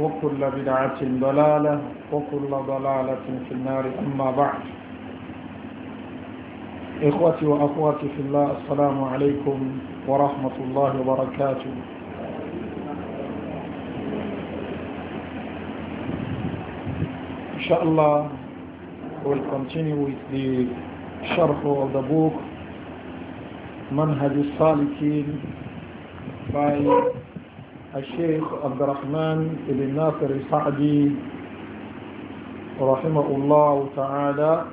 وكل بدعة ضلالة وكل ضلالة في النار أما بعد إخوتي وأخواتي في الله السلام عليكم ورحمة الله وبركاته إن شاء الله we'll continue with the sharh of the book منهج salikin by الشيخ عبد الرحمن بن ناصر السعدي رحمه الله تعالى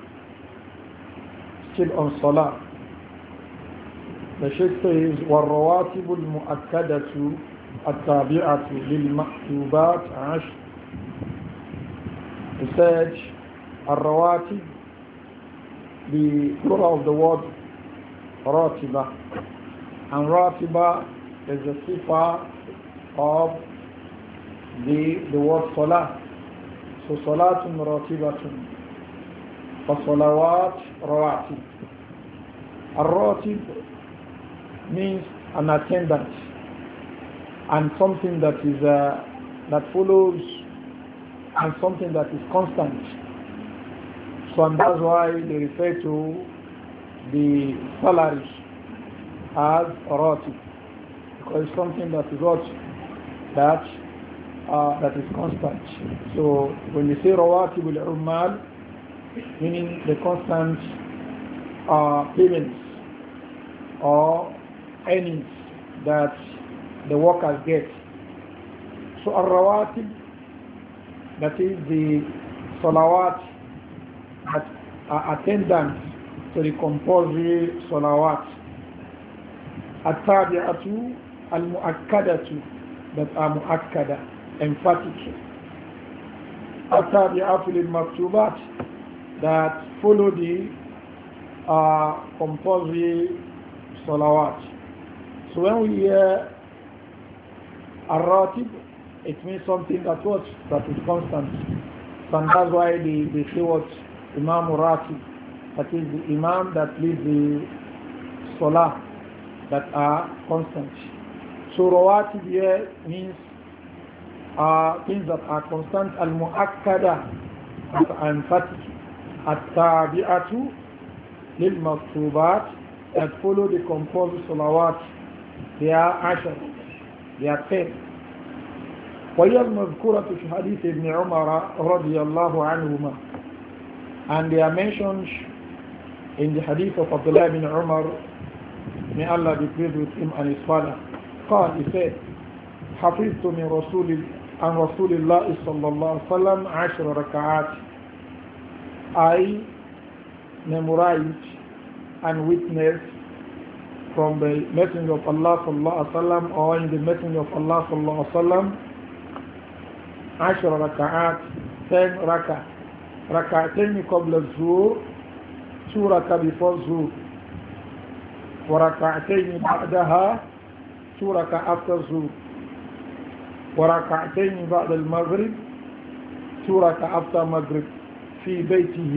سبع صلاة The Sheikh says والرواتب المؤكدة التابعة للمكتوبات عشر He said الرواتب the plural of the word راتبة and راتبة is a sifa of the, the word salah. So salatun ratibatun. فالصلوات رواتب. الراتب means an attendant and something that is uh, that follows and something that is constant. So and that's why they refer to the salary as roti because it's something that is roti that uh, that is constant. So when you say rawatibul ummal, meaning the constant uh, payments or earnings that the workers get. So ar-rawatib, is the salawat that are attendant to the compulsory salawat. التابعة المؤكدة that are muakkada, emphatic. التابعات للمكتوبات that follow the uh, compulsory salawat. So when we hear aratib, it means something that what? That is constant. And that's why they, they say what? Imam ratib. That is the imam that leads the salah that are constant. So here means uh, things that are constant al-mu'akkada and emphatic at-tabi'atu lil-maktubat that follow the composed salawat they are ashar they are ten وهي المذكورة في حديث ابن عمر رضي الله عنهما and they are mentioned in the hadith of Abdullah ibn Umar may Allah be pleased with him and his father قال he said حفظت من رسول عن رسول الله صلى الله عليه وسلم عشر ركعات I memorized and witnessed from the Messenger of Allah sallallahu alaihi wasallam or in the Messenger of Allah sallallahu alaihi wasallam عشر ركعات 10 ركعة ركعتين قبل الظهور two ركعة before الظهور وركعتين بعدها two raka after zuhr وركعتين بعد المغرب two rakah after maghrib في بيته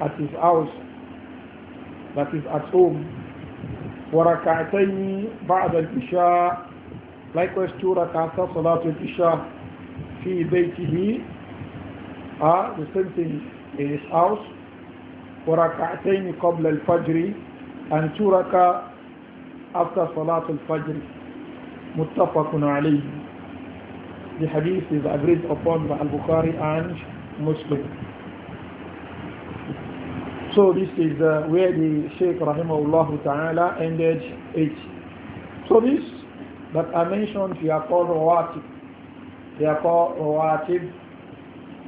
at his house that is at home وركعتين بعد الإشاء likewise two raka after صلاة الإشاء في بيته uh, the same thing in his house وركعتين قبل الفجر and two rakah after al Fajr. Muttafaqun alayhi. The hadith is agreed upon by Al-Bukhari and Muslim. So this is uh, where the Shaykh Rahimahullah Ta'ala ended it. So this that I mentioned they are called Rawatib. They are called Rawatib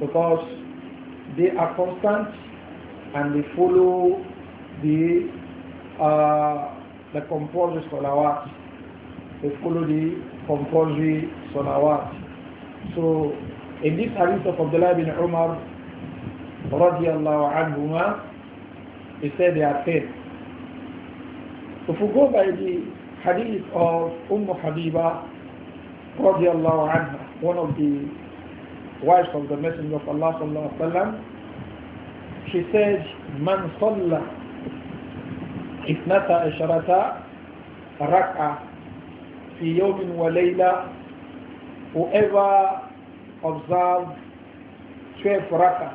because they are constant and they follow the uh, the compulsory salawat. They follow the compulsory salawat. So in this hadith of Abdullah bin Umar radiallahu anhuma, he said they are So, If we go by the hadith of Umm Habiba radiallahu anha, one of the wives of the Messenger of Allah sallallahu alaihi wasallam, she said, "Man salla." اثنتا عشرة ركعة في يوم وليلة whoever observes 12 rakah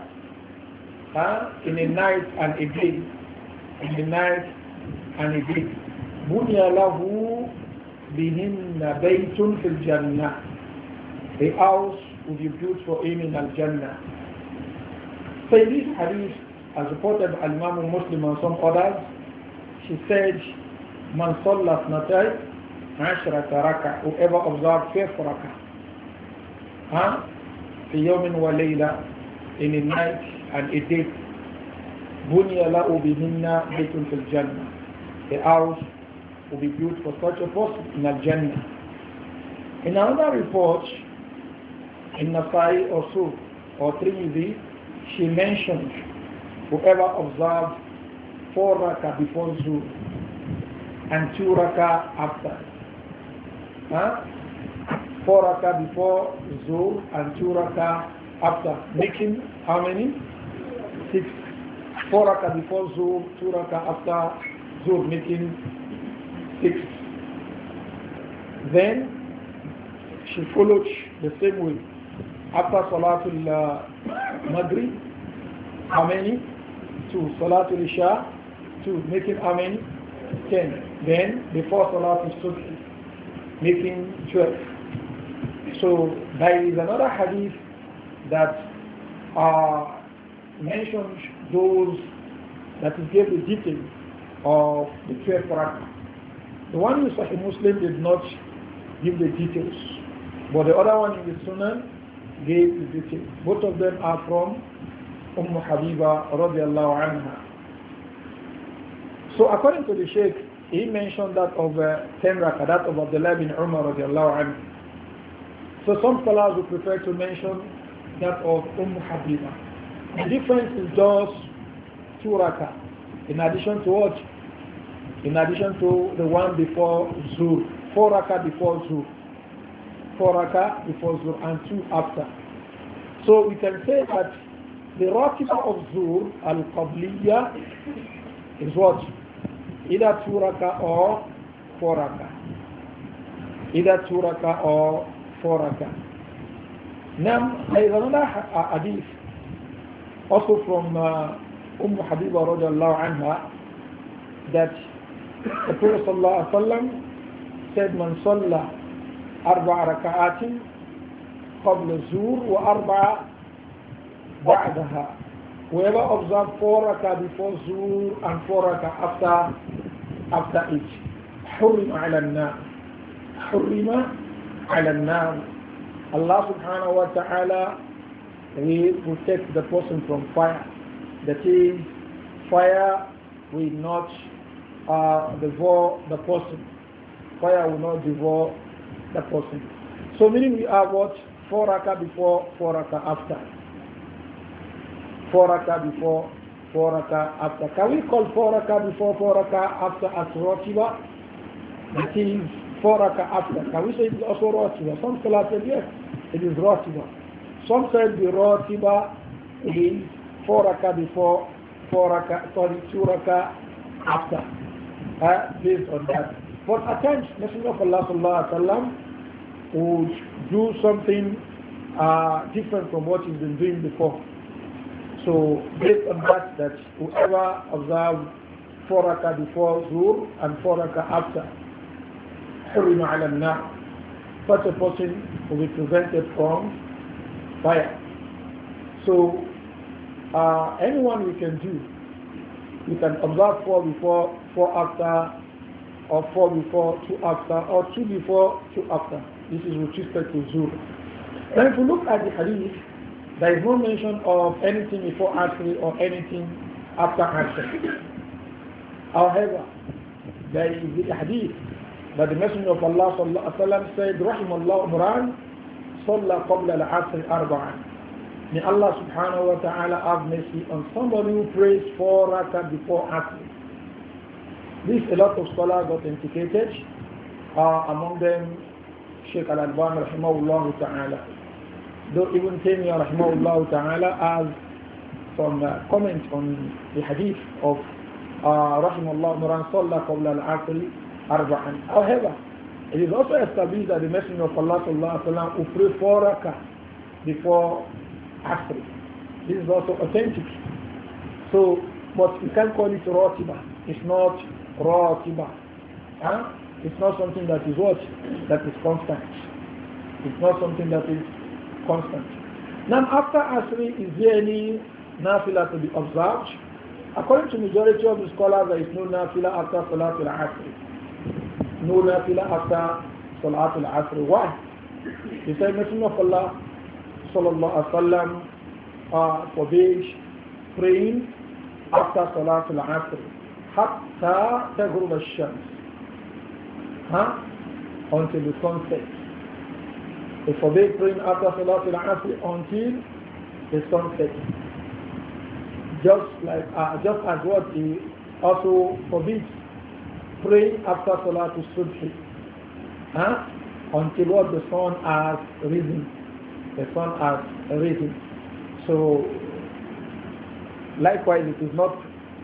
huh, in a night and a day in a night and a day bunya lahu bihinna baytun fil jannah the house will be built for him in al-jannah so these this hadith as reported by Imam Muslim and some others she said, Man sallat natai ashrata raka, whoever observed 12 raka. Huh? Fi the wa layla, in a night and a day. Bunya la'u bihinna baytun fil jannah. The house will be built for such a person in al-jannah. In another report, in Nasai or so, or Trinity, she mentioned whoever observed four raka before Zuhr and two raka after. Huh? Four raka before Zuhr and two raka after. Making how many? Six. Four raka before Zuhr, two raka after Zuhr, making six. Then she followed the same way. After Salatul uh, Maghrib, how many? Two. Salatul Isha, two, making how many? Ten. Then before Salat is two, making twelve. So there is another hadith that uh, mentions those that is gave the detail of the twelve rakah. The one in Sahih Muslim did not give the details, but the other one in the Sunan gave the details. Both of them are from Umm Habiba radiallahu anha. So according to the Sheikh, he mentioned that of uh, 10 rakah, that of Abdullah bin Umar radiallahu anhu. So some scholars would prefer to mention that of Umm Habiba. The difference is just two rakah, in addition to what? In addition to the one before Zuhr, four rakah before Zuhr, four rakah before Zuhr and two after. So we can say that the rakah of Zuhr, al-Qabliya, is what? إذا turaka أو foraka إذا turaka أو foraka نعم أيضا لا آه، حديث also from أم حبيبة رضي الله عنها that the Prophet صلى الله عليه وسلم said من صلى أربع ركعات قبل الزور وأربع بعدها Whoever observes four rakah before zuhr and four rakah after, after it, حرم على النار حرم على النار Allah subhanahu wa ta'ala He protect the person from fire. That is, fire will not uh, devour the person. Fire will not devour the person. So meaning we are what? Four rakah before, four rakah after four before, four after. Can we call four before, four after as rotiba? That is four rakah after. Can we say it is also rotiba? Some scholars said yes, it is rotiba. Some said the rotiba is four rakah before, four rakah, sorry, two after. Uh, based on that. But at times, Messenger of Allah sallallahu alaihi wasallam would do something uh, different from what he's been doing before. So based on that, that whoever observes four rakah before zuhr and four rakah after, حرم على النار. Such a person will be prevented from fire. So uh, anyone we can do, we can observe four before, four after, or four before, two after, or two before, two after. This is restricted to zuhr. Now if you look at the hadith, there is no mention of anything before Asr or anything after Asr. However, there is the hadith that the Messenger of Allah sallallahu alaihi wasallam said, "Rahimallahu Imran, صلى قبل Asr Arba'an." May Allah subhanahu wa taala have mercy on somebody who prays four rakah before Asr. This a lot of scholars authenticated, uh, among them Sheikh Al-Alban rahimahullah ta'ala. Though Ibn Taymiyyah rahimahullah ta'ala has some uh, comment on the hadith of uh, rahimahullah salla qabla al-'asr arba'an. However, it is also established that the Messenger of Allah sallallahu alaihi wasallam will pray four rakah before Asr. This is also authentic. So, but you can call it ratiba. It's not ratiba. Huh? It's not something that is what? That is constant. It's not something that is constant. Now after Asri, is there any nafila to be observed? According to majority of the scholars, there is no nafila after Salatul Asri. No nafila after Salatul Asri. Why? The said Messenger of Allah Sallallahu Alaihi Wasallam uh, forbade praying after Salatul Asri. Hatta تغرب Shams. Huh? Until the sunset. They forbade praying after Salatul Asr until the sun sets. Just like uh, just as what he also forbids praying after to Subh. Huh? Until what the sun has risen. The sun has risen. So likewise it is not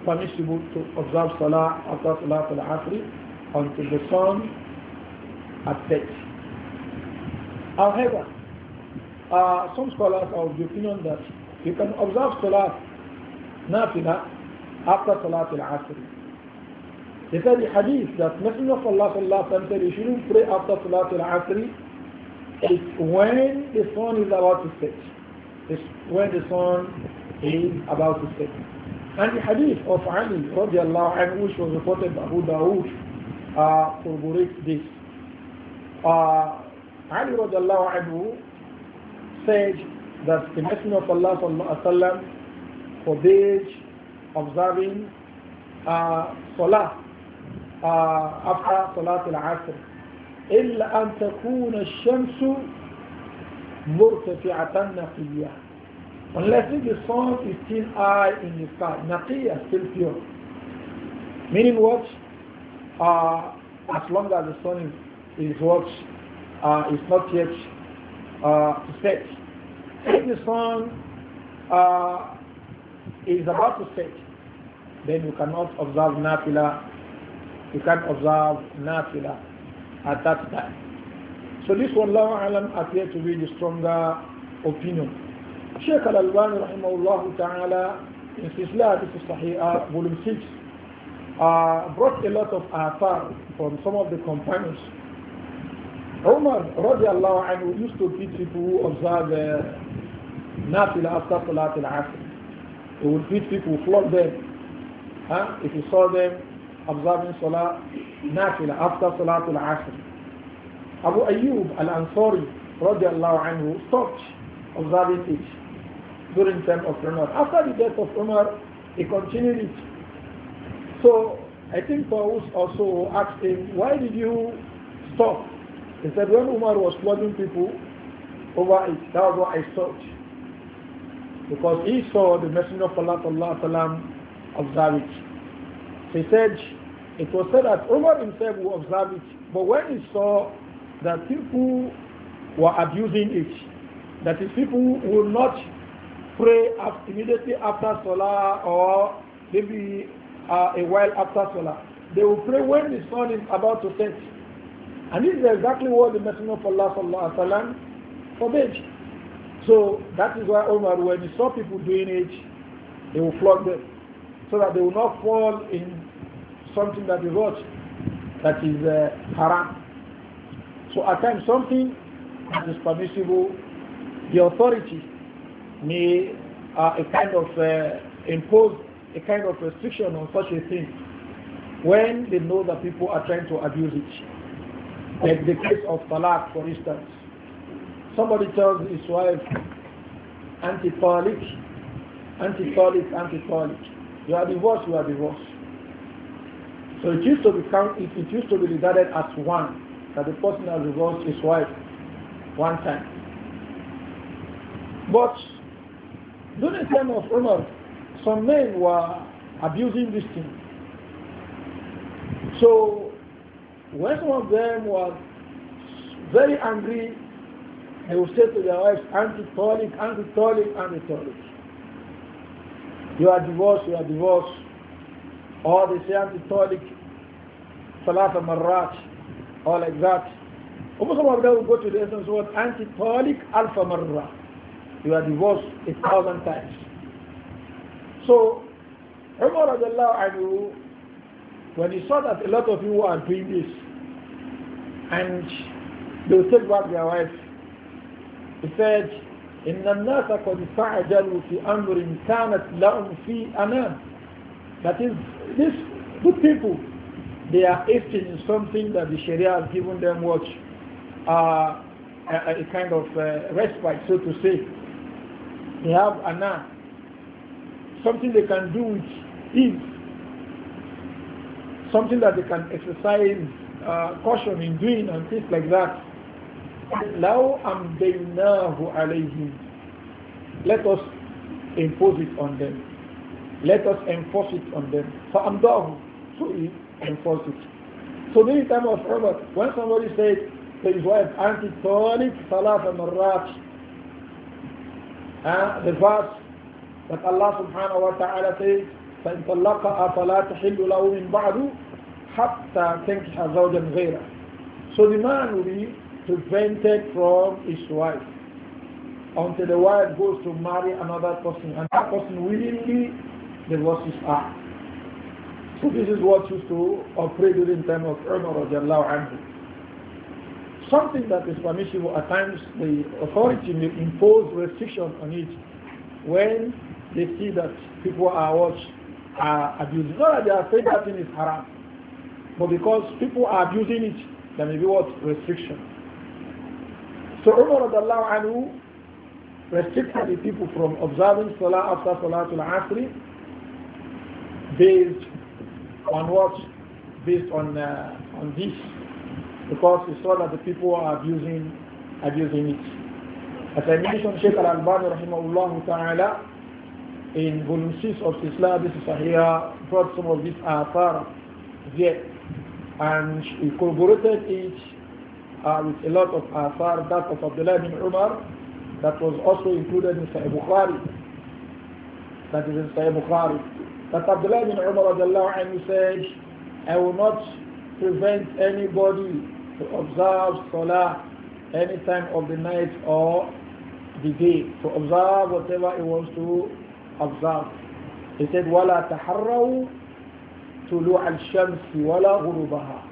permissible to observe Salah after Salatul Asr until the sun has set. However, uh, some scholars are of the opinion that you can observe Salat Nafila after Salat al-Asr. They said the hadith that Messenger of Allah said you shouldn't pray after Salat al-Asr is when the sun is about to set. It's when the sun is about to set. And the hadith of Ali radiallahu anhu which was reported by Abu Dawud uh, corroborates this. Uh, Ali radiallahu anhu said that the Messenger of Allah sallallahu sallam forbade observing uh, Salah uh, after Salat al-Asr إلا أن تكون الشمس مرتفعة نقية Unless the sun is still high in the sky, naqiya, still pure. Meaning what? Uh, as long as the sun is, is what? uh, not yet uh, set. If the sun uh, is about to set, then you cannot observe nafila. You can not observe nafila at that time. So this one, Wallahu Alam appears to be the stronger opinion. Sheikh Al-Albani rahimahullah ta'ala in his this is Sahih, volume 6, uh, brought a lot of afar from some of the companions Umar radiallahu anhu used to teach people who observe uh, Nafila after Salat al-Asr. He would teach people, flog them. Huh? If you saw them observing Salat Nafila after Salat al-Asr. Abu Ayyub al-Ansari radiallahu anhu stopped observing it during time of Umar. After the death of Umar, he continued it. So I think Paul also asked him, why did you stop? He said, when Umar was flogging people over it, that was what I thought. Because he saw the Messenger of Allah sallam, observe it. So he said, it was said that Umar himself was observe it, but when he saw that people were abusing it, that is, people will not pray immediately after Salah or maybe uh, a while after Salah. They will pray when the sun is about to set. And this is exactly what the Messenger of Allah sallallahu forbade. So that is why Omar, when he saw people doing it, they will flog them so that they will not fall in something that is what? That is uh, haram. So at times something that is permissible, the authority may uh, a kind of uh, impose a kind of restriction on such a thing when they know that people are trying to abuse it. Like the case of talaq, for instance. Somebody tells his wife, anti-talik, anti-talik, anti-talik. You are divorced, you are divorced. So it used to be it, it used to be regarded as one, that the person has divorced his wife one time. But during the time of Umar, some men were abusing this thing. So when some of them were very angry, they would say to their wives, anti-tolic, anti-tolic, anti-tolic. You are divorced, you are divorced. Or they say anti-tolic, salat marrat, or like that. Almost some of them would go to the essence word anti-tolic, alpha marra. You are divorced a thousand times. So, Umar when he saw that a lot of you are doing this, and they will take back their wife. He said, إن الناس قد استعجلوا في أمر كانت لهم في أمان. That is, these good people, they are acting in something that the Sharia has given them what uh, a, a, kind of uh, respite, so to say. They have ana, something they can do with ease, something that they can exercise uh, caution in doing and things like that. لَوْ أَمْدَيْنَاهُ عَلَيْهِمْ Let us impose it on them. Let us enforce it on them. فَأَمْدَاهُ So he enforced it. So many times of Robert, when somebody said to his wife, Auntie Talik Salat Marrat, uh, the verse that Allah subhanahu wa ta'ala says, فَإِنْ طَلَّقَهَا فَلَا تَحِلُّ لَهُ مِنْ بَعْدُ حتى تنكح زوجا غيره so the man will be prevented from his wife until the wife goes to marry another person and that person willingly divorces her. So this is what used to operate during time of Umar anhu. Something that is permissible at times the authority may impose restriction on it when they see that people are watched, are abused. Not that they are saying that thing is haram. But because people are abusing it, there may be what? Restriction. So Umar anhu restricted the people from observing Salah after Salah Salatul Asr, based on what? Based on, uh, on this. Because he saw that the people are abusing, abusing it. As I mentioned, Sheikh Al-Albani rahimahullah ta'ala in volume 6 of Islam, this is Sahih, brought some of this athar there. And he corroborated it uh, with a lot of athar, that of Abdullah bin Umar, that was also included in Sahih Bukhari. That is in Sahih Bukhari. That Abdullah bin Umar anhu said, I will not prevent anybody to observe Salah any time of the night or the day, to observe whatever he wants to observe. He said, وَلَا تَحَرَّوْا طلوع الشمس ولا غروبها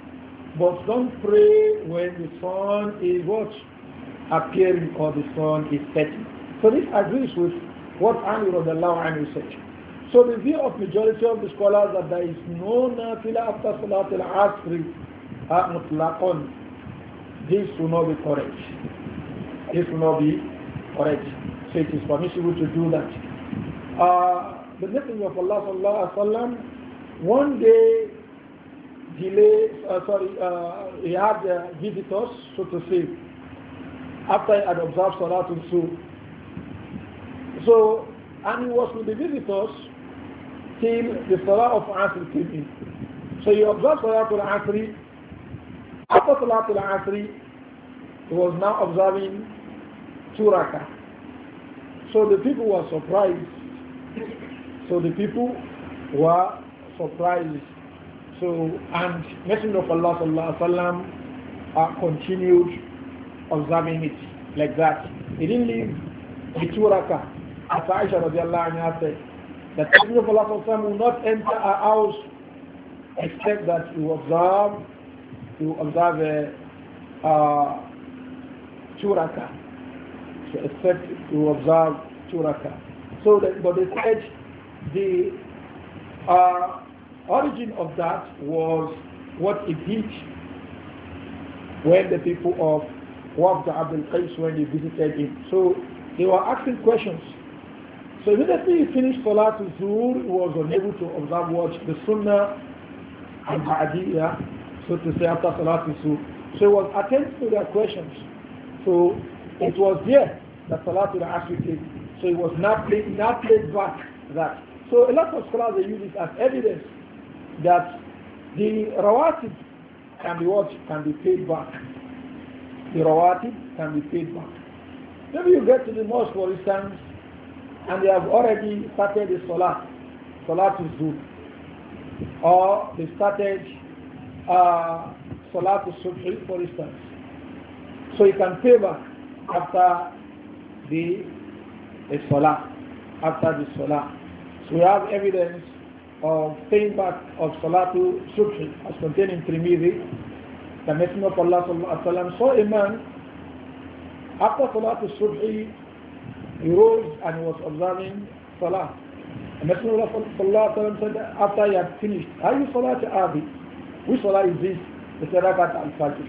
but don't pray when the sun is what appearing or the sun is setting so this agrees with what Ali radiallahu anhu said so the view of majority of the scholars that there is no nafila after salat al-asri uh, mutlaqan this will not be correct this will not be correct so it is permissible to do that uh, the Messenger of Allah sallallahu alaihi wasallam one day, delay, uh, sorry, uh, he had uh, visitors, so to say, after he had observed Salatul Su. So, and he was with the visitors till the Salah of Asr came in. So he observed Salatul Asri. After Salatul Asri, he was now observing Turaka. So the people were surprised. So the people were surprises. So, and Messenger of Allah sallallahu alaihi uh, continued observing it like that. He didn't leave the two rakah. As Aisha radiallahu anha said, the Messenger of Allah sallallahu will not enter our house except that you observe, you observe a uh, uh, two rakah. So except you observe two rakah. So, that, but they said the uh, origin of that was what he did when the people of Wabd Abdul Qais when they visited him. So they were asking questions. So immediately he finished Salat Zuhr, he was unable to observe what the Sunnah and Ba'adiyya, so to say after Salat Zuhr. So he was attentive to their questions. So it was there that Salat al-Asr came. So he was not played, not played back that. So a lot of scholars they use it as evidence that the rawatib can be what can be paid back. The rawatib can be paid back. Maybe you get to the mosque, for instance, and they have already started the salah, salah to zuhr, or they started uh, salah to subhi, for instance. So you can pay back after the, the salah, after the salah. So we have evidence of paying back of Salatu Subhi as contained in Trimidi, the Messenger of Allah saw a man after Salatu Subhi, he rose and he was observing Salah. The Messenger of Allah وسلم, said after he had finished, Are you have Abi? Which Salah is this? He said, Rakat al Fajr.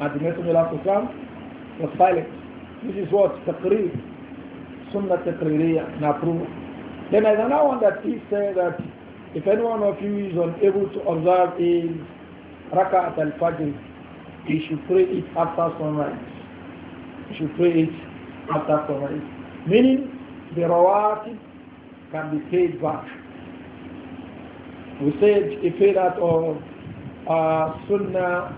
And the Messenger of Allah was silent. This is what? Taqreer. Sunnah Taqreeriyah, Napruh. Then there's another one that he said that if any one of you is unable to observe his raka'at al-fajr, he should pray it after sunrise. He should pray it after sunrise. Meaning the rawatib can be paid back. We said he paid out of uh, sunnah,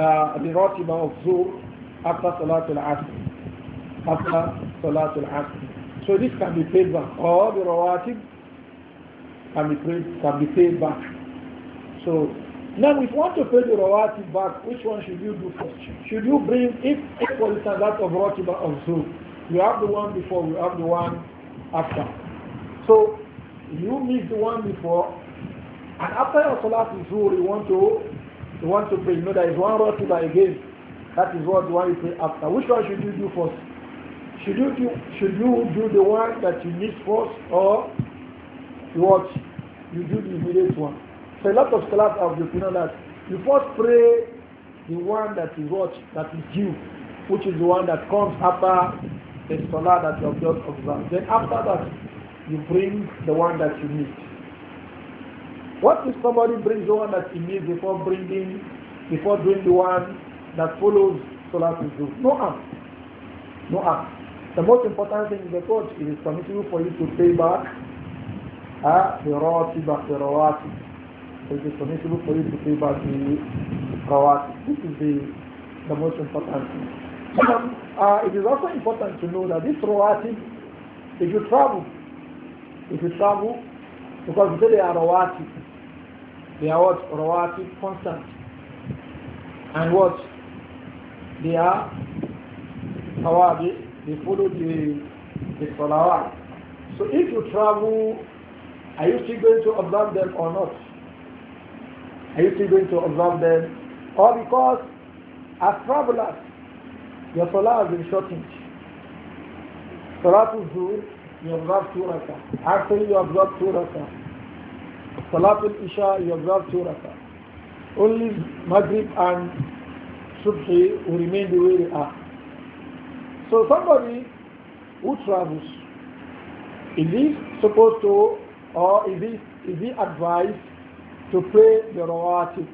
uh, the ratiba of zuhr after salatul asr. After salatul asr. So this can be paid back. All the rawatib can be paid, can be paid back. So now if you want to pay the rawatib back, which one should you do first? Should you bring, if, equal to that of rawatib of Zul, you have the one before, you have the one after. So you miss the one before, and after your salat is Zul, you want to you want to pay. You know there is one rawatib again. That is what the one you pay after. Which one should you do first? Should you do, should you do the one that you need first or you what? You do the immediate one. So a lot of scholars have the opinion that you first pray the one that is what? That is due, which is the one that comes after the salah that you have just observed. Then after that, you bring the one that you need. What if somebody brings the one that he needs before bringing, before doing the one that follows Salah to do? No harm. No harm. The most important thing is the what it is permissible for you to pay back uh, the rawati back the rawati. it is permissible for you to pay back the rawati. This is the, the most important thing. Um, uh, it is also important to know that this rawati, if you travel, if you travel, because they are rawati, they are what? Rawati constant. And what? They are tawabi they follow the, the salawat. So if you travel, are you still going to observe them or not? Are you still going to observe them? Or because as travelers, your salah has been shortened. Salatul Zuhr, you observe two rakah. Actually, you observe two rakah. Salatul Isha, you observe two rakah. Only Maghrib and Subhi will remain the way they are. So somebody who travels, is he supposed to, or is he, is he advised to pray the rawatib?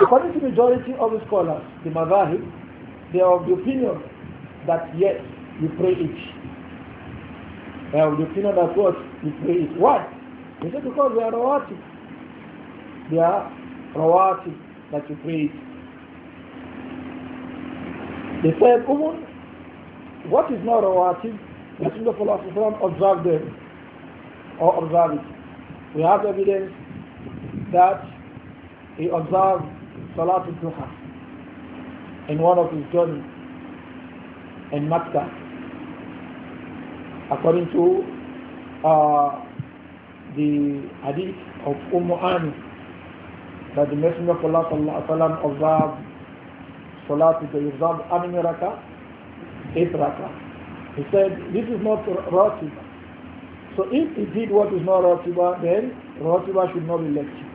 According to the majority of the scholars, the mazahib, they are of the opinion that yes, you pray it. They are of the opinion that what? You pray it. Why? They say because they are rawatib. They are rawatib that you pray it. They said, even what is not rawatib, the Messenger of Allah observed them or observe it. We have evidence that he observed Salatul Duha in one of his journeys in Makkah, according to uh, the hadith of Umm Ani, that the Messenger of Allah sallallahu alaihi wasallam observed Salatul Yuzab, how many raka? Eight raka. He said, this is not Ratiba. So if he did what is not Ratiba, then Ratiba should not be lectured.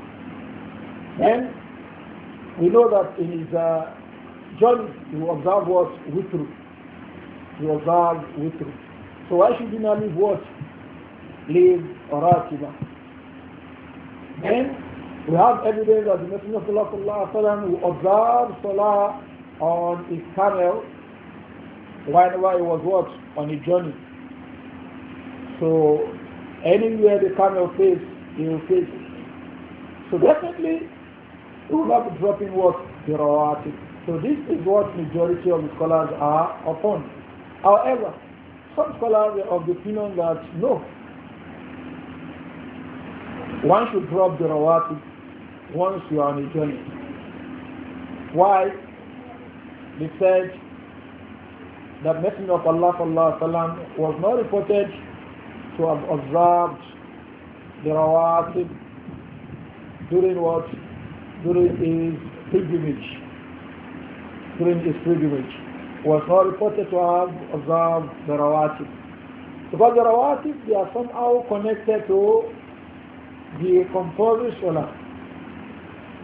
Then we know that in his uh, journey, he observed what? Witru. He observed Witru. So why should he not leave what? Leave Ratiba. Then we have evidence that the Messenger of Allah who observe Salah on his camel whenever he was what? On a journey. So anywhere the camel face, he will face it. So definitely he will not drop in what? The So this is what majority of the scholars are upon. However, some scholars are of the opinion that no, one should drop the rawati once you are on a journey. Why? they said that Messenger of Allah وسلم, was not reported to have observed the rawatib during what? During his pilgrimage. During his pilgrimage. Was not reported to have observed the rawatib. Because the rawatib, they are somehow connected to the compulsory salah.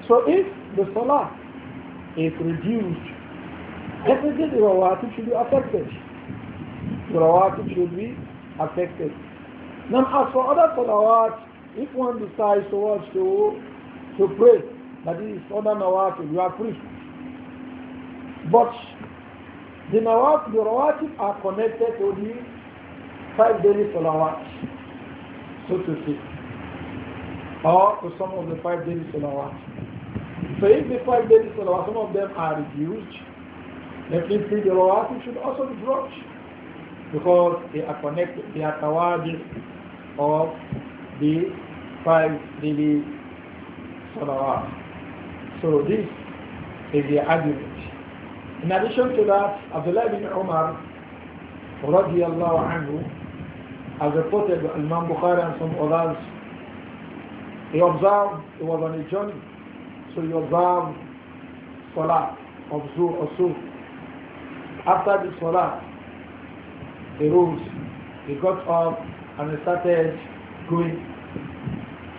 So if the salah is reduced Definitely the rawatib should be affected. The rawatib should be affected. Now as for other salawat, if one decides towards to, to pray, that is other nawat. you are free. But the nawat the rawatib are connected to the five daily salawat, so to speak, or to some of the five daily salawat. So if the five daily salawat, some of them are reduced, the fil rawatib should also be dropped because they are connected, they are tawajib of the five daily salawat. So this is the argument. In addition to that, Abdullah bin Umar radiallahu anhu has reported by Imam Bukhari and some others, he observed, he was on a journey, so he observed Salah of Zuhr or after the Salah, he rose, he got up and he started going.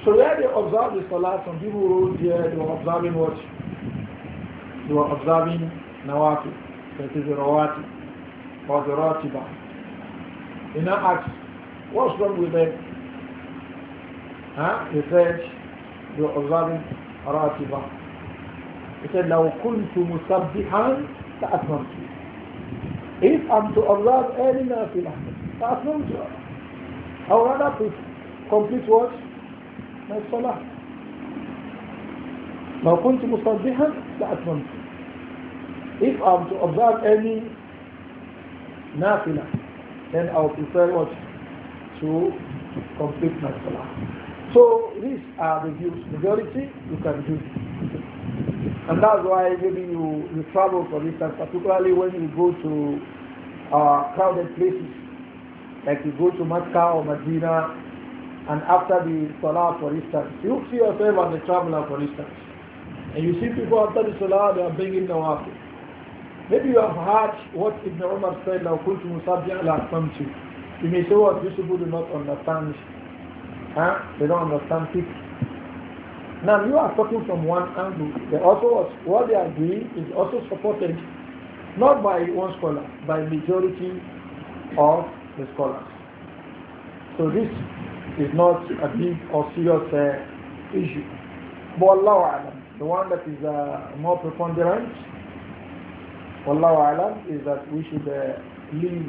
So where they observed the Salah, some people rose here, they were observing what? They were observing Nawati, that is the Rawati, or the Ratiba. He now asked, what's wrong with them? Huh? He said, they were observing Ratiba. He said, لو كنت مسبحا لأتممت if I'm to observe any nafilah, that's no job. I would rather complete what? My salah. لو كنت مصدحا لأتممت. If I'm to observe any nafilah, then I'll prefer what? To complete my salah. So these are the views. Majority, you can do. And that's why maybe you, you travel, for instance, particularly when you go to uh, crowded places, like you go to Mecca or Medina, and after the Salah, for instance, you see yourself as a traveler, for instance, and you see people after the Salah, they are bringing Nawafil. Maybe you have heard what Ibn Umar said, لو كنت مصابيا لأقمت. You may say what these people do not understand. Huh? They don't understand people. Now you are talking from one angle. author also what they are doing is also supported not by one scholar, by majority of the scholars. So this is not a big or serious uh, issue. But Allah alam, the one that is uh, more preponderant, Allah alam, is that we should uh, leave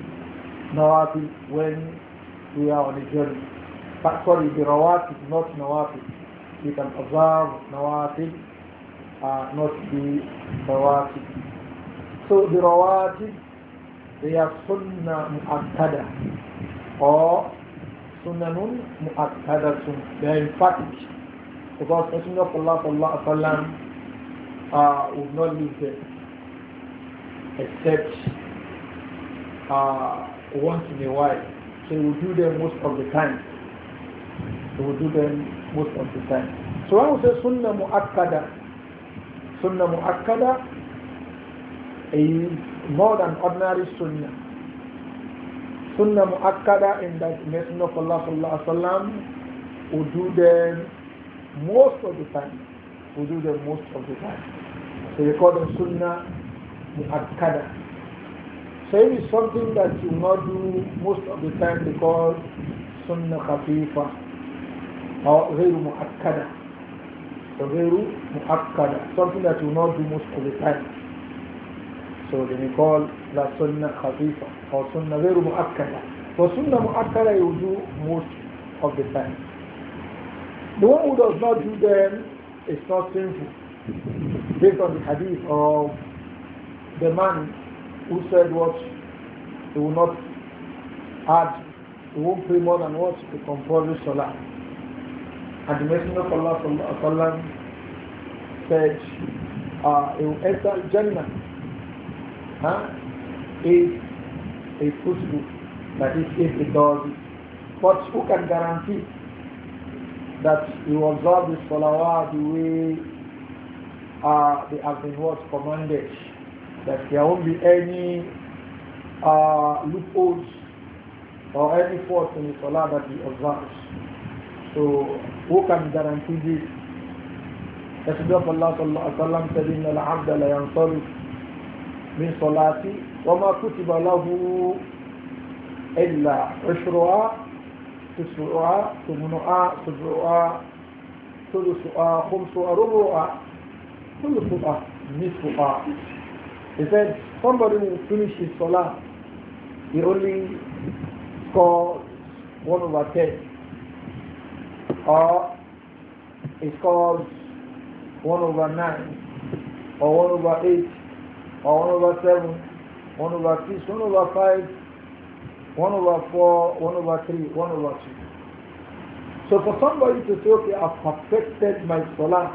Nawafil when we are on a journey. But sorry, the Rawat is not Nawafil you can observe nawatib, uh, not the rawatib. So the rawatib, they are sunnah mu'attada or sunnanun mu'attadatun. They are emphatic because Messenger of Allah sallallahu alaihi wasallam uh, would not live there except uh, once in a while. So he would do them most of the time. We will do them most of the time. So when we say sunnah mu'akkada, sunnah mu'akkada is more than ordinary sunnah. Sunnah mu'akkada in that Messenger of Allah sallallahu alaihi wasallam will do them most of the time. Will do them most of the time. So we call them sunnah mu'akkada. Same is something that you not do most of the time because sunnah khafifa or غير مؤكدة so غير مؤكدة something that you not do most of the time so they may call that sunnah خفيفة or sunnah غير مؤكدة وسنة مؤكدة you do most of the time the one who does not do them is not sinful based on the hadith of the man who said what he will not add he won't pray more than what the compulsory salah and the Messenger of Allah uh, sallam, said, uh, he will enter Jannah huh? if it possible, that is if it does But who can guarantee that he will observe the salawat the way uh, they have been commanded? That there won't be any uh, loopholes or any fault in the salah that he observes. So who can guarantee this? Messenger of Allah sallallahu alaihi wasallam said, "Inna al-abda la yansarif min salati wa ma kutiba lahu illa ushru'a tisru'a thumnu'a subru'a thuluthu'a khumsu'a rubu'a thuluthu'a He said, somebody will finish his salah, he only scores one over ten. or it's called 1 over 9 or 1 over 8 or 1 over 7, 1 over 6, 1 over 5, 1 over 4, 1 over 3, 1 over 2. So for somebody to say, okay, I've perfected my salah,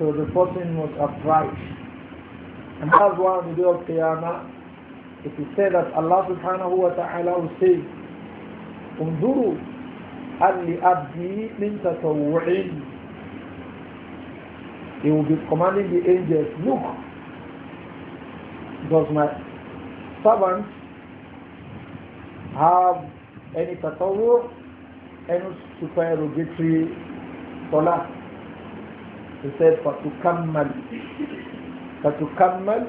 so the person was upright. And that's why the day of Qiyamah, it is said that Allah subhanahu wa ta'ala will say, and the abdi means that min tatawwu'in he will be commanding the angels look does my servants have any tatawwu any supererogatory salah he said to to come man, fatukammal fatukammal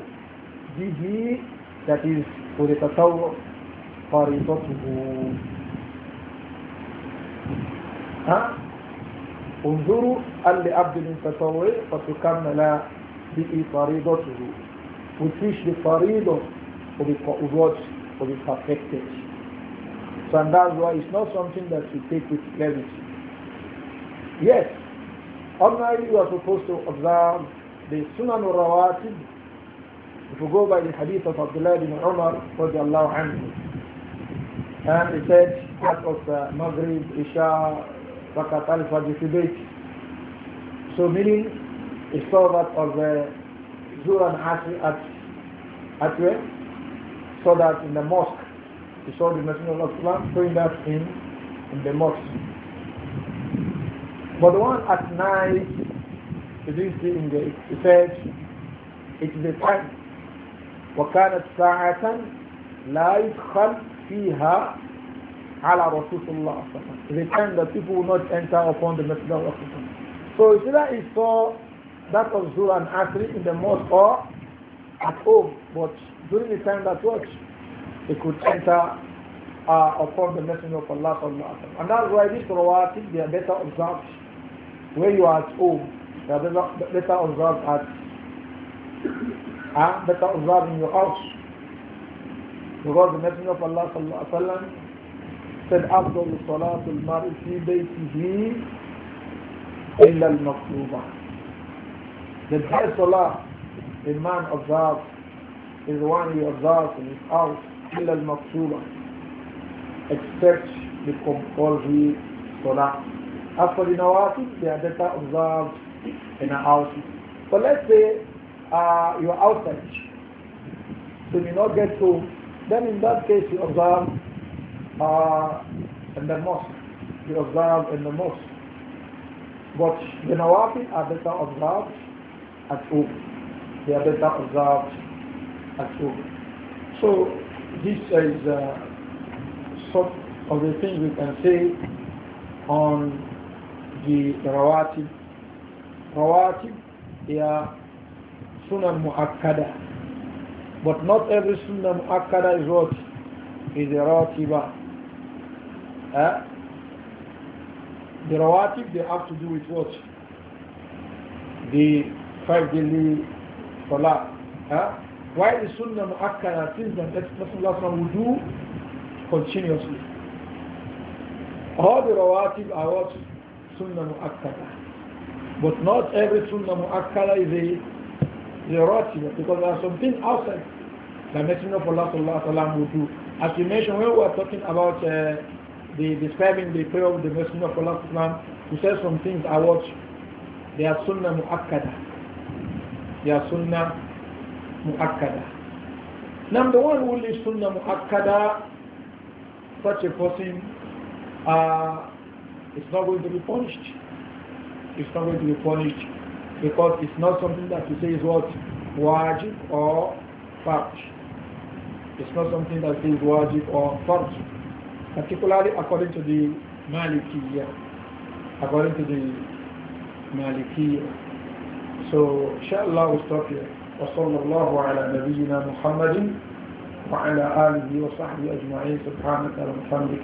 bihi that is for the tatawwu farithatuhu ها انظروا أن لعبد المتطوع فتكمل به فريضته with which the فريضة will be what will perfected so and that's why it's not something that we take with levity yes ordinarily you are supposed to observe the sunan rawatib if we go by the hadith of Abdullah bin Umar radiallahu anhu and it said that of the uh, Maghrib, Isha, ركعة الفجر في so meaning that of the Zuhr and Asr at at where so that in the mosque he saw the Messenger of Allah doing that in in the mosque but the one at night he didn't see in the he said it is a time وكانت ساعة لا يدخل فيها على رسول الله صلى الله عليه وسلم the time that people will not enter upon the Masjid of Allah. So if that is for that of Zul and Asri in the mosque or at home, but during the time that works, they could enter uh, upon the Messenger of Allah sallallahu And that's why these rawatib, they are better observed where you are at home. They are better, better observed at, uh, better observed in your house. Because the Messenger of Allah sallallahu said after the salat al-mar'i fi baytihi illa al-maqtuba the best salah a man observes is the one he observes in his house illa al-maqtuba except the compulsory salah as for the nawafil they are better observed in a house but let's say uh, you are outside so you not get to then in that case you observe are uh, in the mosque. We observe in the mosque. But the nawafil are better observed at home. They are better observed at home. So this is uh, sort of the thing we can say on the rawatib. Rawatib, they are sunan mu'akkada. But not every sunnah mu'akkada is what? Is a rawatiba. The rawatib, they have to do with what? The five daily salah. Why is sunnah mu'akkara things that Rasulullah will do continuously? All the rawatib are what? Sunnah mu'akkara. But not every sunnah mu'akkara is a, is because there are some things outside that Messenger of Allah will do. As you mentioned when we were talking about uh, the describing the prayer of the Messenger of Allah Islam, he says some things I watch. They are sunnah mu'akkada. They are sunnah mu'akkada. Number one who sunnah mu'akkada, such a person uh, is not going to be punished. It's not going to be punished because it's not something that you say is what wajib or farj. It's not something that is wajib or farj particularly according to the Malikiya, According to the Malikiya. So, inshallah, we'll stop here. وصلى الله على نبينا محمد وعلى آله وصحبه أجمعين سبحانك وبحمدك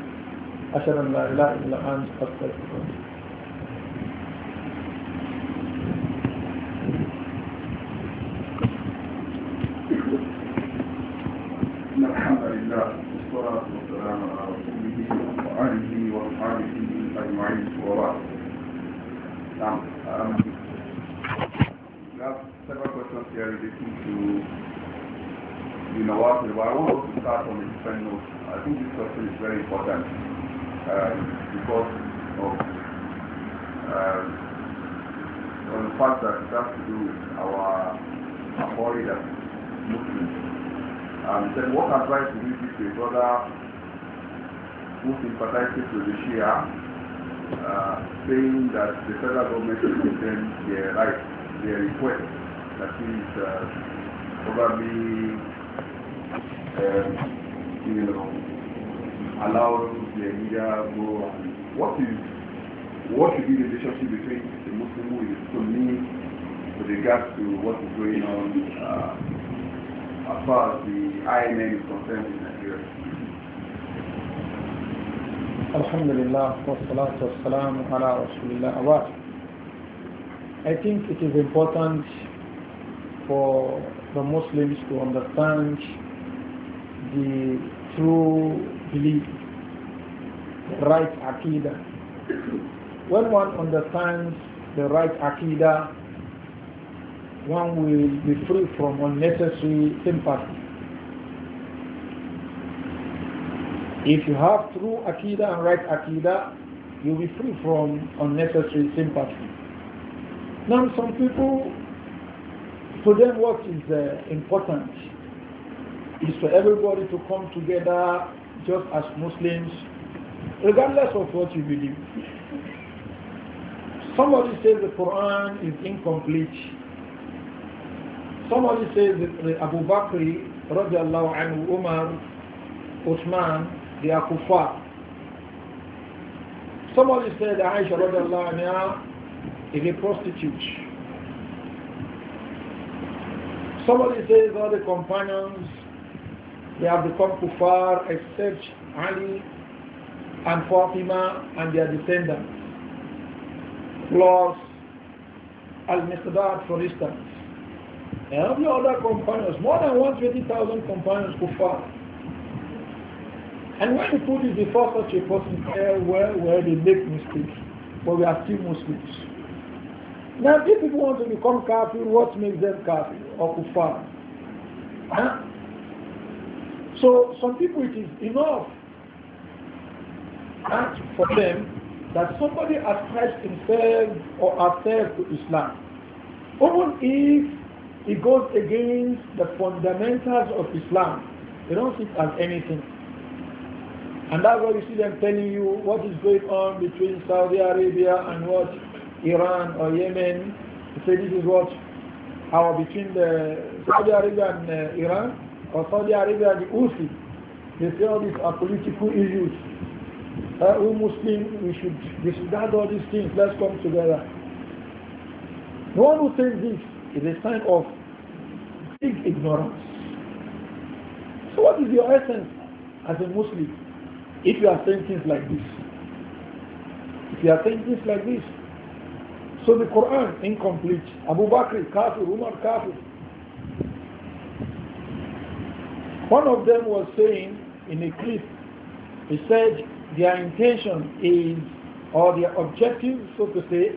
أشهد أن لا إله إلا أنت أستغفرك very important uh, because of uh, um, on the fact that it has to do with our authority as Muslims. Um, then what advice would you give to a brother who sympathizes with the Shia, uh, saying that the federal government should give them their right, their request, that is uh, probably um, you know, Allow the media go and what is what should be the relationship between the Muslim who is Sunni with regards to what is going on uh, as far as the IMN is concerned in Nigeria? Alhamdulillah, wassalatu wassalamu ala rasulillah awad. I think it is important for the Muslims to understand the true belief, the right aqidah. When one understands the right aqidah, one will be free from unnecessary sympathy. If you have true Akida and right Akida, you'll be free from unnecessary sympathy. Now, some people, for them, what is uh, important is for everybody to come together just as Muslims, regardless of what you believe. Somebody says the Quran is incomplete. Somebody says that Abu Bakr, radiallahu anhu, Umar, Uthman, they are kuffar. Somebody said Aisha, radiallahu anha, is a prostitute. Somebody says all the companions they have become kuffar except Ali and Fatima and their descendants. Plus Al-Miqdad for instance. And the other companions, more than 120,000 companions kuffar. And when you put it before such a person, eh, where well, they make mistakes, but we are still Muslims. Now, if people want to become kafir, what makes them kafir or kuffar? Huh? So some people it is enough that for them that somebody ascribes himself or herself to Islam. Even if it goes against the fundamentals of Islam, they don't see it as anything. And that's why you see them telling you what is going on between Saudi Arabia and what Iran or Yemen. They say this is what our between the Saudi Arabia and uh, Iran or Saudi Arabia, the U.S., they say all these are political issues. Uh, we Muslims, we should disregard all these things, let's come together. The one who says this is a sign of big ignorance. So what is your essence as a Muslim if you are saying things like this? If you are saying things like this, so the Quran incomplete. Abu Bakr kafir, Umar kafir. One of them was saying in a clip, he said their intention is, or their objective, so to say,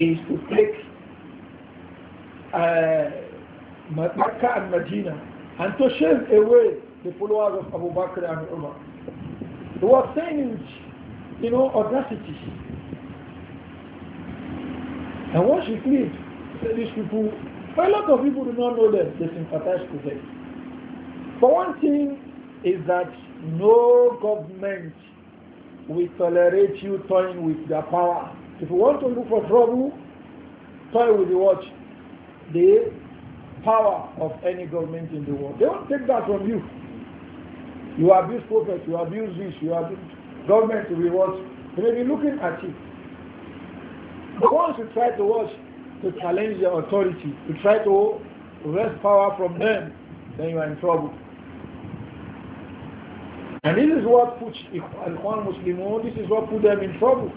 is to take uh, and Medina and to shave away the followers of Abu Bakr and Umar. They were saying, you know, audacity. And once she did, said these people, a lot of people do not know them, they sympathize with them. The one thing is that no government will tolerate you toying with their power. If you want to look for trouble, toy with the watch, the power of any government in the world. They won't take that from you. You abuse prophets, you abuse this, you abuse government to be what? They may be looking at you. But once you try to watch, to challenge their authority, to try to wrest power from them, then you are in trouble. And this is what put Ikhwan Muslimun, this is what put them in trouble.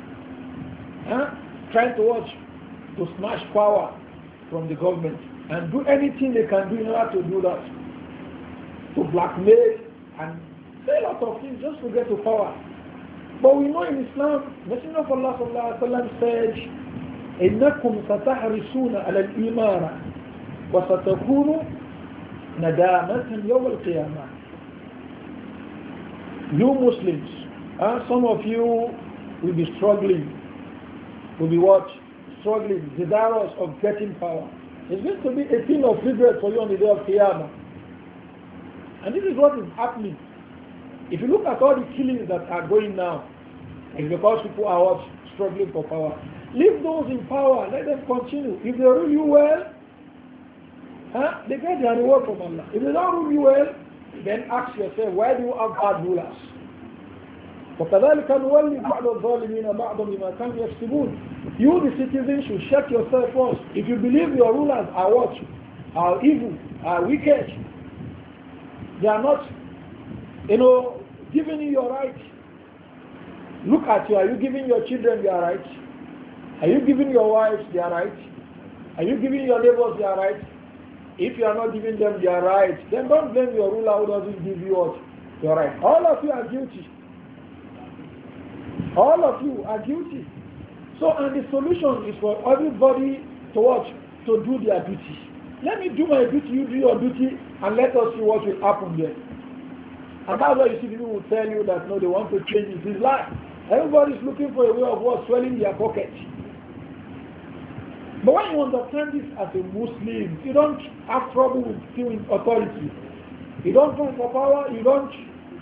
Huh? Trying to watch, to smash power from the government and do anything they can do in order to do that. To blackmail and say a lot of things just to get to power. But we know in Islam, Messenger of Allah sallallahu alayhi wa sallam said, إنكم ستحرصون على الإمارة وستكون ندامة يوم القيامة you Muslims, uh, some of you will be struggling, will be what? Struggling, desirous of getting power. It's going to be a thing of regret for you on the day of Qiyamah. And this is what is happening. If you look at all the killings that are going now, it's because people are what? struggling for power. Leave those in power, let them continue. If they rule you well, huh, they get their reward from Allah. If they don't rule you well, then ask yourself, why do you have bad rulers? وكذلك نولي بعض الظالمين بعضا بما كانوا يكسبون. You the citizens, should check yourself first. If you believe your rulers are what? Are evil, are wicked. They are not, you know, giving you your rights. Look at you. Are you giving your children their rights? Are you giving your wives their rights? Are you giving your neighbors their rights? If you are not giving them their rights, then don't blame your ruler who doesn't give you what, your right. All of you are guilty. All of you are guilty. So, and the solution is for everybody to watch, to do their duty. Let me do my duty, you do your duty, and let us see what will happen there. And that's why you see people will tell you that no, they want to change it. life. Everybody is looking for a way of what, swelling their pocket. But when you understand this as a Muslim, you don't have trouble with killing authority. You don't go for power, you don't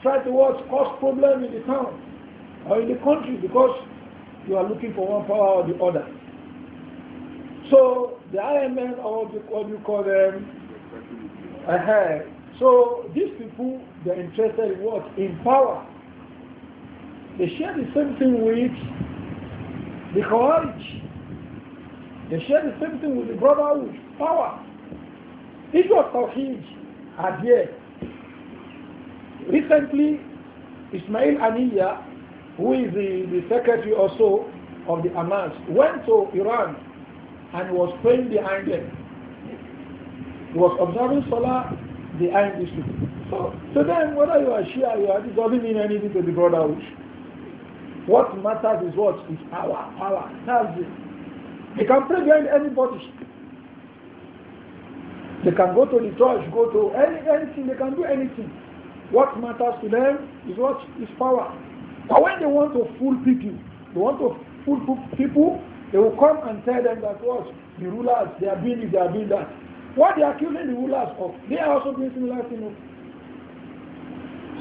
try to what cause problem in the town or in the country because you are looking for one power or the other. So the IMN or the, what you call them, uh, so these people, they're interested in what? In power. They share the same thing with the Khawarij. They share the same thing with the brotherhood, power. Issue of Tawheed are here. Recently, Ismail Aniya, who is the, the secretary also of the Hamas, went to Iran and was praying behind them. He was observing Salah behind these So to them, whether you are Shia or you are, it doesn't mean anything to the brotherhood. What matters is what? Is our power. That's it. They can pray behind anybody. They can go to the church, go to any, anything, they can do anything. What matters to them is what is power. But when they want to fool people, they want to fool people, they will come and tell them that what the rulers, they are doing they are doing that. What they are accusing the rulers of, they are also doing similar things.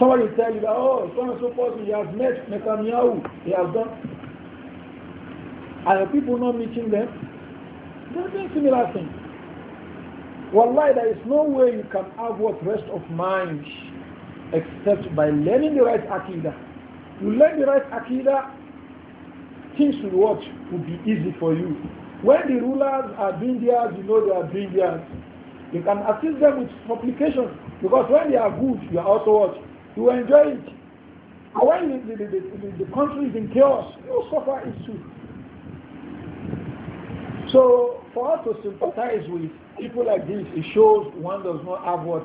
Somebody will tell you that, oh, so and so person, he has met Netanyahu, he has done. And the people not meeting them? They're doing similar things. Wallahi, there is no way you can have what rest of mind except by learning the right akida. You learn the right akida, things will watch will be easy for you. When the rulers are doing theirs, you know they are doing theirs. You can assist them with supplications because when they are good, you are also what? You enjoy it. And when the, the, the, the country is in chaos, you suffer it too. So for us to sympathize with people like this, it shows one does not have what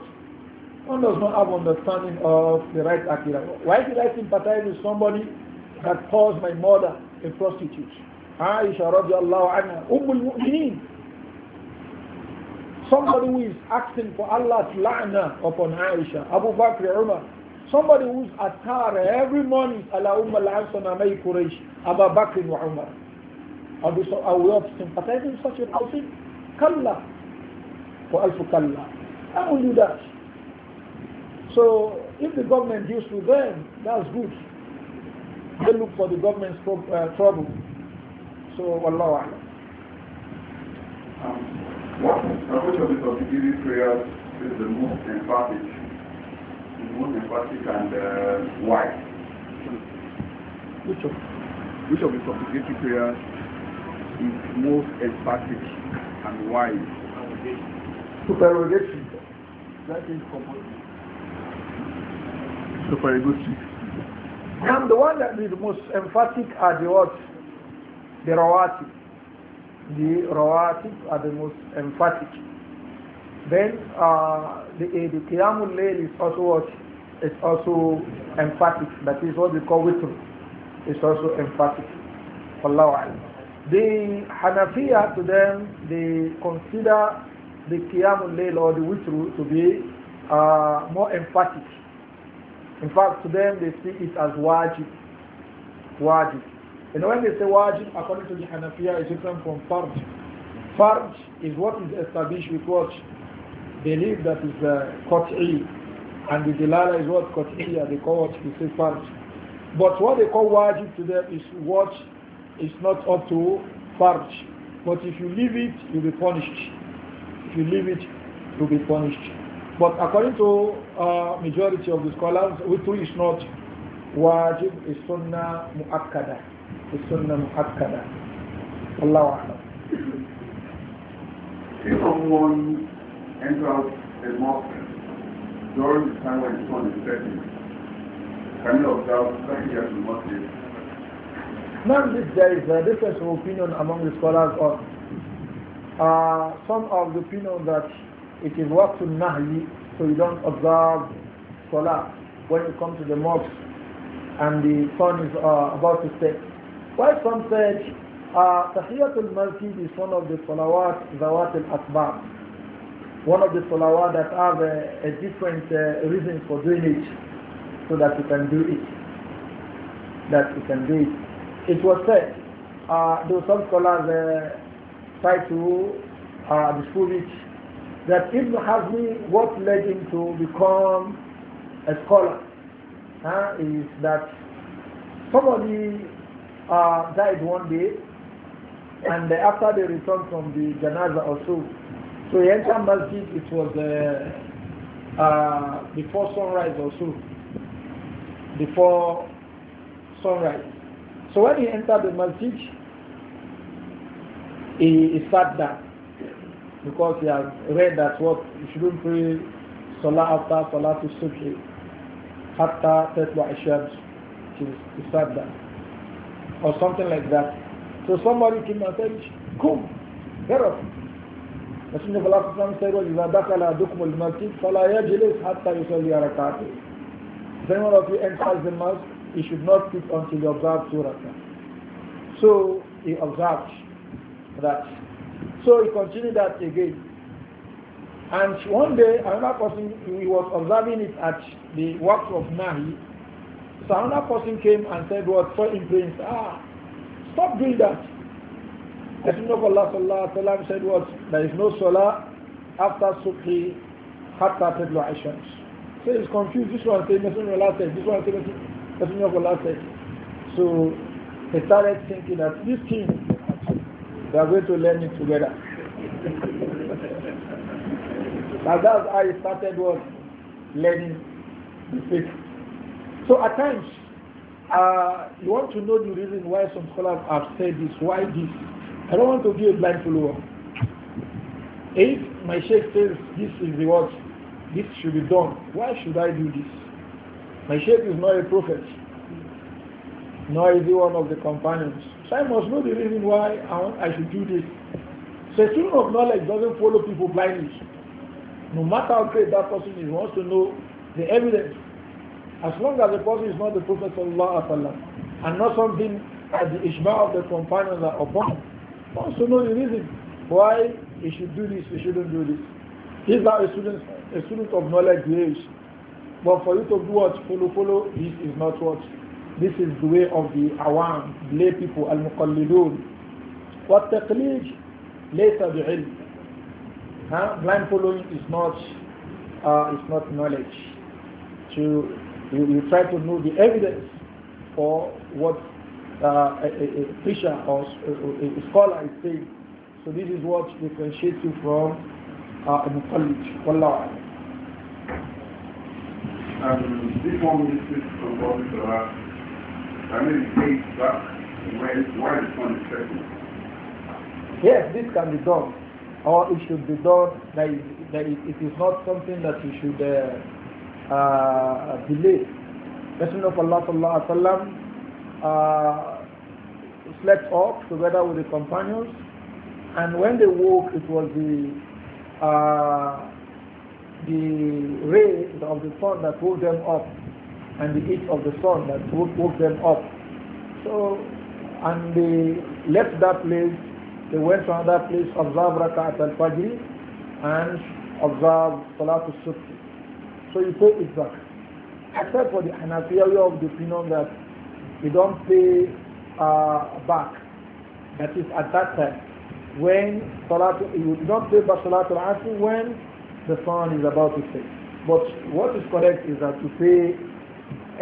one does not have understanding of the right akira. Why did I sympathize with somebody that calls my mother a prostitute? Aisha radiallahu anha, Ummul Mu'mineen. Somebody who is asking for Allah's la'na upon Aisha, Abu Bakr, Umar. Somebody who's at every morning, Allahumma la'ansana may Quraysh, Abu Bakr wa Umar. Are we, so, are we all sympathizing with such a person? Kalla. For Alfu Kalla. I will do that. So if the government deals with them, that's good. They look for the government's pro uh, trouble. So Wallahu A'lam. Um, what, which of the subsidiary prayers is the most emphatic? The most emphatic and uh, why? Which of? Which of the subsidiary prayers is most emphatic and wise. Supererogatory. That is compulsory. Supererogatory. And the one that is most emphatic are the what? The rawatib. The rawatib are the most emphatic. Then uh, the eh, the qiyamul layl is also what? It's also emphatic. That is what we call witr. It's also emphatic. Wallahu the Hanafiya to them, they consider the Qiyamul Layl or the to be uh, more emphatic. In fact, to them they see it as wajib. Wajib. And when they say wajib, according to the Hanafiya, it's different from farj. Farj is what is established with what? Belief that is uh, And the dilala is what and they call what we say farj. But what they call wajib to them is what it's not up to farj. But if you leave it, you'll be punished. If you leave it, you'll be punished. But according to uh, majority of the scholars, witr is not wajib, it's sunnah mu'akkada. It's sunnah mu'akkada. Allahu Akbar. If someone enters a mosque during the time when the sun is setting, can you observe that he has a mosque now this, there is a difference of opinion among the scholars of uh, some of the opinion that it is to nahi, so you don't observe salah when you come to the mosque and the sun is uh, about to set. While some said uh, Tahiyatul Masjid is one of the salawat, Zawat al-Asbab, one of the salawat that have a, a different uh, reason for doing it, so that you can do it, that you can do it. It was said, uh, were some scholars uh, try to uh, disprove it, that Ibn Hazmi, what led him to become a scholar uh, is that somebody uh, died one day and after they returned from the janaza also, so he entered masjid, it was uh, uh, before sunrise also, before sunrise. So when he entered the masjid, he, he sat down because he had read that what you shouldn't pray salah after salah to subhi hatta tetwa ashams to sat down or something like that. So somebody came and said, come, get up. Messenger of Allah said, وَإِذَا دَخَلَ أَحَدُكُمُ الْمَسْجِدَ فَلَا يَجْلِسْ حَتَّى يُصَلِّيَ رَكْعَتَيْنِ If anyone of you enters the masjid he should not sit until you observe surah. So he observed that. So he continued that again. And one day, another person, he was observing it at the works of Nahi. So another person came and said, what, saw him ah, stop doing that. The Prophet of Allah sallallahu alayhi wa sallam said what, there is no salah after sukhi hatta tadlu ashams. So he's confused, this one said, Messenger of Allah said, this one said, the Messenger Allah said. So I started thinking that these things, they are going to learn it together. and that's how I started was learning the faith. So at times, uh, you want to know the reason why some scholars have said this, why this. I don't want to be a blind follower. If my sheikh says this is the word, this should be done, why should I do this? My sheikh is not a prophet, nor is he one of the companions. So I must know the reason why I, should do this. So a student of knowledge doesn't follow people blindly. No matter how great that person is, wants to know the evidence. As long as the person is not the Prophet of Allah and not something that the ijma of the companions are upon, wants to know the reason why he should do this, he shouldn't do this. This is a student, a student of knowledge behaves. But for you to do what? Follow, follow, this is not what? This is the way of the awam, lay people, al-muqallidun. What taqlid? Later the ilm. Huh? Blind following is not, uh, is not knowledge. To, you, you try to know the evidence for what uh, a, a, a, teacher or a, scholar is saying. So this is what differentiates you from uh, a muqallid. Wallahu and this one I mean, it back when, Yes, this can be done. Or it should be done that it, that it, it is not something that you should uh, uh, delay. Messenger of Allah sallallahu alaihi wasallam uh, slept off together with the companions, and when they woke, it was the uh, the rays of the sun that woke them up and the heat of the sun that woke them up. So, and they left that place, they went to another place, observed Raka'at al-Fajr and observed Salatul Sufi. So you pay it back. Except for the Hanafiya of the opinion that you don't pay uh, back. That is at that time. When Salatul, you don't pay back Salatul Asr when the son is about to say. But what is correct is that to pay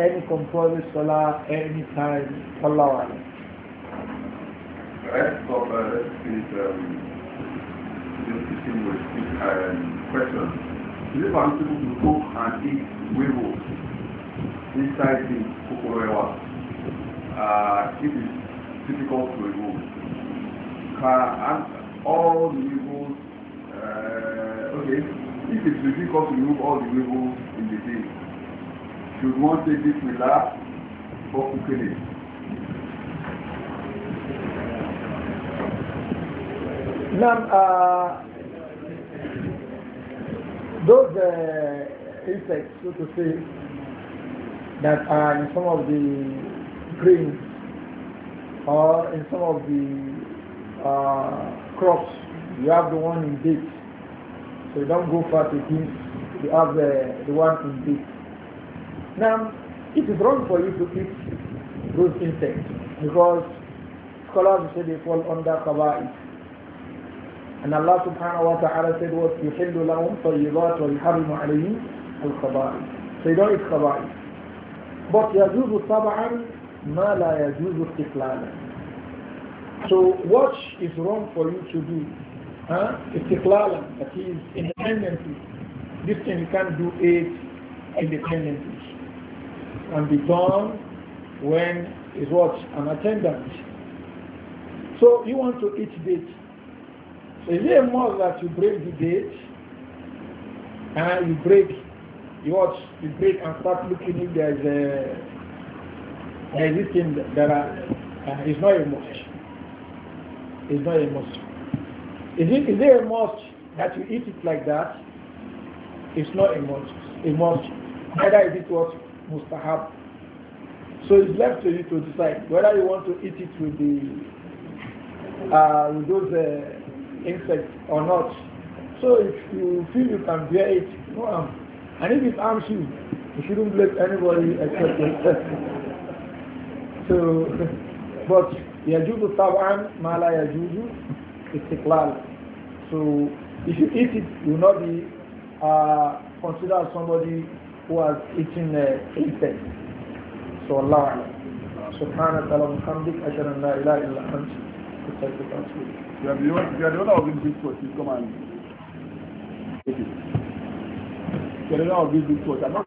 any compulsory salah any time, Allah. The rest of uh, um, is with this uh, question. Is it possible to cook and eat weevils inside the kukurewa? Uh, it is difficult to remove. Can, all the weevils, uh, okay, If it's refusing God to remove all the evil in the day, should one take this pillar or kukele? Now, uh, those uh, insects, so to say, that are in some of the grains or in some of the uh, crops, you have the one in dates So you don't go far to him. You have the, the one in this. Now, it is wrong for you to eat those insects because scholars say they fall under kaba'i. And Allah subhanahu wa ta'ala said what يُحِلُّ لَهُمْ طَيِّبَاتُ وَيُحَرِّمُ عَلَيْهِم الْخَبَائِ So you don't eat khaba'i. But يَجُوزُ طَبْعًا مَا لَا يَجُوزُ اسْتِقْلَالًا So what is wrong for you to do huh? istiqlalan, that is independently. This thing you can't do it independently. And be when when is what? An attendant. So you want to eat date. So is there a that you break the date? And you break, you watch, you break and start looking if there is a, there is a thing that are, uh, is not a must. It's not a must. Is, it, is there a must that you eat it like that? It's not a must. A must. Neither is it what mustahab. So it's left to you to decide whether you want to eat it with the uh, with those uh, insects or not. So if you feel you can bear it, no harm. And if it harms you, you shouldn't blame anybody except yourself. so, but يجوز طبعا mala yajuju istiklal. So if you eat it, you will not be uh, considered somebody who has eaten uh, So Allah سبحانك اللهم وبحمدك أشهد أن لا إله إلا أنت أستغفرك وأتوب You are the one, you are the one of these Come on. You are the one of these